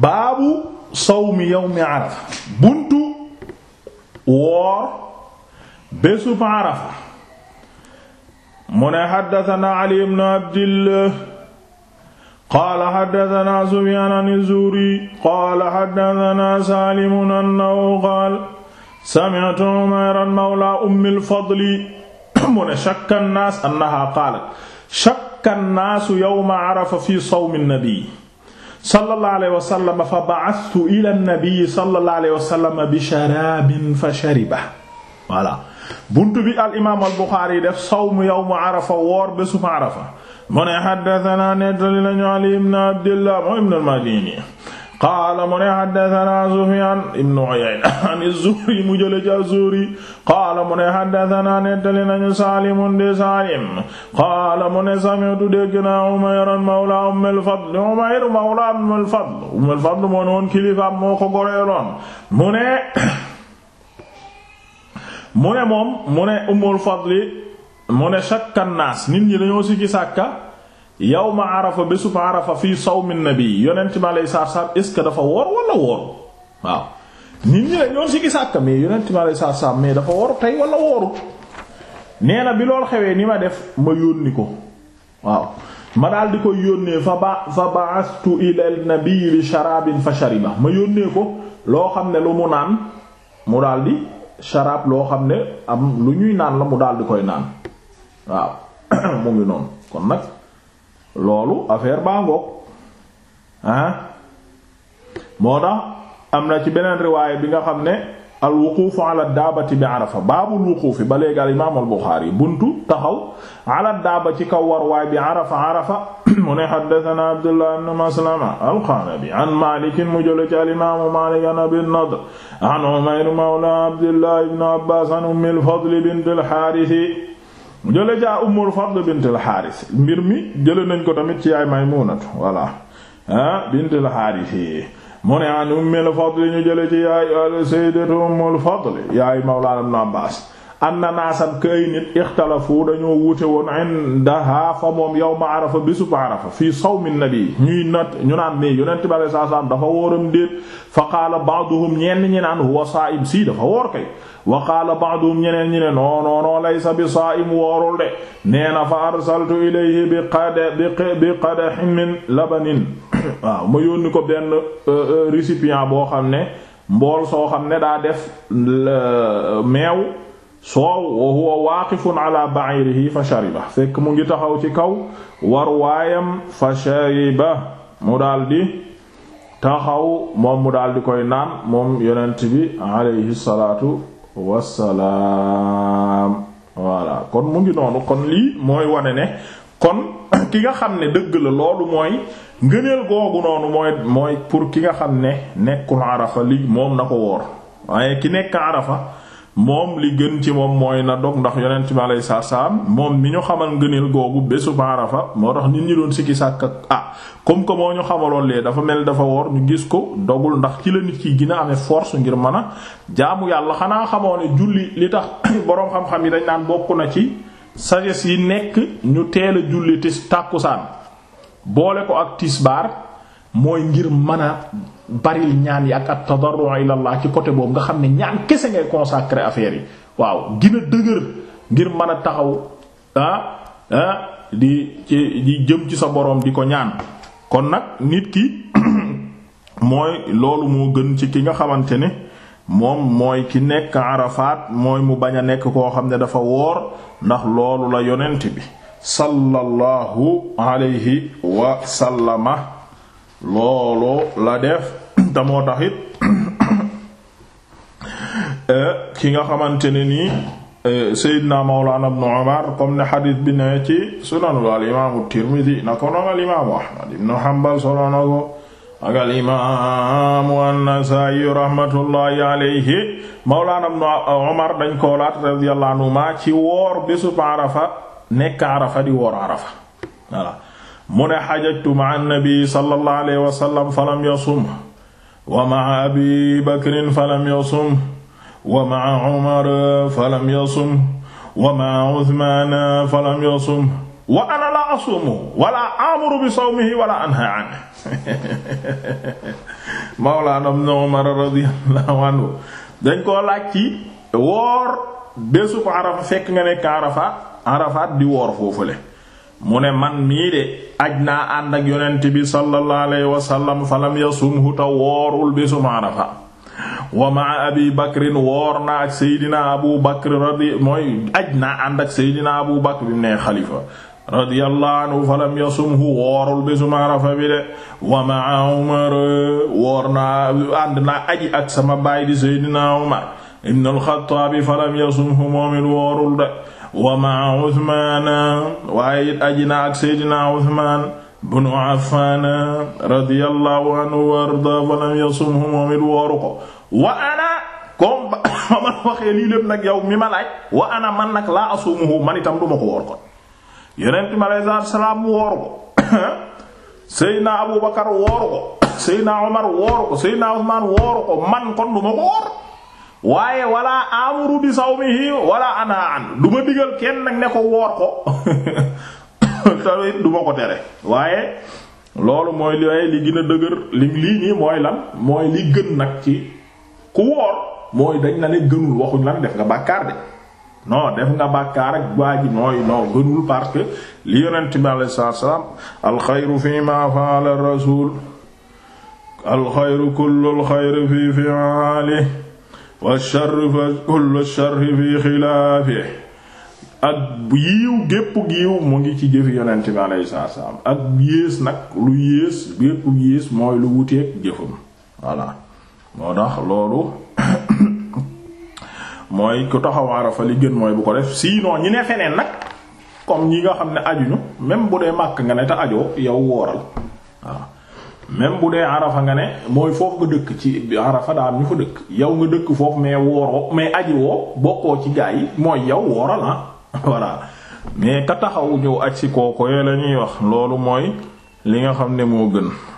baabu sawmi yawmi arafa buntu woor bésub arafa mu ne xaddatana ali ibn abdillah qaala xaddatana sufyaan an zuhri qaala xaddatana saalimun annahu qaal sami'tu umayran mawla ummil fadli mu ne shakka nnaas annaha qaalat shakka nnaasu yawma arafa fi sawmi nnabi sallallahu alayhi wa sallam fa ba'athtu ila an-nabi sallallahu alayhi wa sallam bi sharabin fa shariba voilà bunt bi al imaam al Buxaari def sawmu yawmu arafa woor bésu arafa mu ne haddathana nettali lañu Ali ibn Abdillah ibn al-Madini qaala mu ne haddathana Sufyaan ibnu Uyayna an az-Zuhri mu jële ci az-Zuhri nañu Saalimun de Saalim qaala mu ne sami'tu Umayran mawla Umm al Umm al Umm al-Fadl moo noon mu ne mu ne Umm al-Fadl shakka naas nit ñi dañoo sikki sàkka yawma arafa bésub arafa fii sawmi nabi yonent mi alayhi salaatu salaam est-ce que dafa woor wala wooru waaw nit ñi la si gi sàkk mais yonent mi alayhi salaatu salaam dafa woor tey wala wooru nee na bi lool xewee ni ma def ma yónni ko waaw ma daal di koy yónnee fa ba fa ba'astu ila an-nabi bi sharabin fa shariba ma yónnee ko loo xam ne lu mu naan mu daal di sharab loo xam ne am lu ñuy naan la mu daal di koy naan waaw mu ngi noonu kon nag loolu affaire baa ngoog ah. am na ci beneen riwaay bi nga xam ne al ala daabati ba léegi al imaam al buxaari buntu taxaw ala daaba ci kaw waay bi arafa arafa mu ne xaddatana abdullah ibn maslama alqanabi an malikin mu jële ci malik an abi nadr an umayr mawla abdullah ibn abbas an ummi al fadl bint jële ca Ummul Fadl bint al-Haaris mbir mi jële nañ ko tamit ci yaay Maymunatu voilà ah bint al-Haaris mu ne an Ummul Fadl ñu jële ci yaay Sayyidatu Ummul Fadl yaay Mawlaana Ibn Abbaas anna naasan ka ay nit ixtalafu dañoo wuute woon indaha fa moom yawma arafa bésub arafa fii sawmi nabi ñuy nat ñu naan nii yonent bi alei saa dafa wóoram déet fa qaala ba'duhum ñenn ñi naan huwa saa'im si dafa woor kay wa ñeneen ñi ne non non non laysa bi saa'im woorul de nee na fa arsaltu ilayhi bi qad bi qadahin min labanin waaw ma yónni ko benn euh, euh, récipient boo xam ne mbool soo xam ne daa def euh, meew soow wa huwa waaqifun ala ba'irihi fa shariba fekk mu ngi taxaw ci kaw war waayam fa shariba mu daldi taxaw moom mu daldi koy naan moom yonent bi alayhi salaatu wassalaam voilà kon mu ngi noonu kon lii mooy wane ne kon ki nga xam ne dëgg la loolu mooy ngëneel googu noonu mooy mooy pour ki nga xam ne nekkul arafa li moom na ko woor waaye ki nekk arafa moom li gën ci moom mooy na dog ndax yonent ma alayhi salaam moom mi ñu xamal ngëneel googu bésu Arafa moo tax nit ñi doon sikki sàkk ak ah comme que moo ñu xamaloon lee dafa mel dafa wor ñu gis ko dogul ndax ci la nit ki gën a amee ngir mën a jaamu yàlla xanaa xamoo ne julli li tax boroom xam-xam yi dañ naan bokk na ci sagesse yi nekk ñu teel a julli tis tàkkusaan boole ko ak tisbaar mooy ngir mën a baril ñaan yi ak at tadarru ila Allah ci côté boobu nga xam ne ñaan kese ngay consacrer affaire yi waaw gina dëgër ngir mën a taxaw ah, ah, di ci di jëm ci sa boroom di ko ñaan kon nag nit ki mooy loolu moo gën ci ki nga xamante ne moom mooy ki nekk Arafat mooy mu bañ a nekk koo xam ne dafa woor ndax loolu la yonent bi sallallahu alayhi wa loolu la def te moo eh, ki nga xamante ne nii eh, Seydina Mawlana Ibn Umar comme ne xadiis bi ne ci sunanu al imaamu na ko noon Ahmad ibn Hanbal solo na ko ak al imaamu rahmatullahi alayhi Mawlana Ibn Umar dañ ko laat radiyallahu anhu ci woor bésu Arafa nekk Arafa di woor Arafa mu ne xajajtu ma annabi sallallahu alayhi wa sallam falam yasum wa ma abi bakrin falam yasum wa ma umar falam yasum wa ma uthman falam yasum wa ana la asumu wala amuru bi sawmihi wala anha an mawlana ibn umar radiyallahu anhu dañ koo laaj ci woor bésu ko arafa fekk nga nekk arafaat arafaat di woor foofule mu ne man mii de aj naa ànd ak yonent bi sallallahu alayhi wasallam falam yasumhu ta woorul bésum arafa wa maa abi bakrin woor naa ak seydina abu bakr radi mooy aj naa ànd ak seydina abu bakr bi ne xalifa radiyallahu anhu falam yasumhu woorul bésum arafa bi de wa maa umar woor naa ànd naa aji ak sama baay di seydina umar ibn al-xattaab falam yasumhu moomit woorul de wa maa Usmaan waaye it aji na ak Seydina Usmaan bunu Affaan radiyallahu anhu wa ardaa fa lam yasumhu moom it wooru ko wa ana comme ba ma waxee lii lépp nag yow mi ma laaj wa ana man nag laa asumuhu man itam duma ko woor ko yonent mi alayhi salaatu salaam wooru ko Seydina Abu Bakar wooru ko Seydina Omar wooru ko Seydina Usmaan wooru ko man kon duma ko woor waaye wala amuru bi sawmihi wala ana an du ma digal kenn nag ne ko woor ko tamit du ko tere waaye loolu mooy li ay li gën a dëgër lii nii mooy lan mooy li gën nag ci ku woor mooy dañ la ne gënul waxuñ lan def nga bàkkaar de non def nga bàkkaar ak waa ji nooy non gënul parce que li yonent bi alayhi salaam alxayru fi ma fa'ala rasul alxayru kullu alxayri fi fi'alihi wa sharri fa kullu sharri fi xilaafihi ak yiiw gépp yiiw mu ngi ci jëfi yonent bi alayhi salaam ak yées nag lu yées gépp yées mooy lu wuteek jëfam voilà moo tax loolu mooy ku taxaw Arafa li gën mooy bu ko def sinon ñi ne feneen nag comme ñi nga xam ne ajuñu même bu dee màkk nga ne te ajoo yow wooral waaw même bu dee arafa nga ne mooy foofu nga dëkk ci arafa daa am ñu fa dëkk yow nga dëkk foofu mais wooroo mais aji woo bokkoo ci gaa yi mooy yow wooral ah voilà mais ka taxaw ñëw aj si kooko yee la ñuy wax loolu mooy li nga xam ne moo gën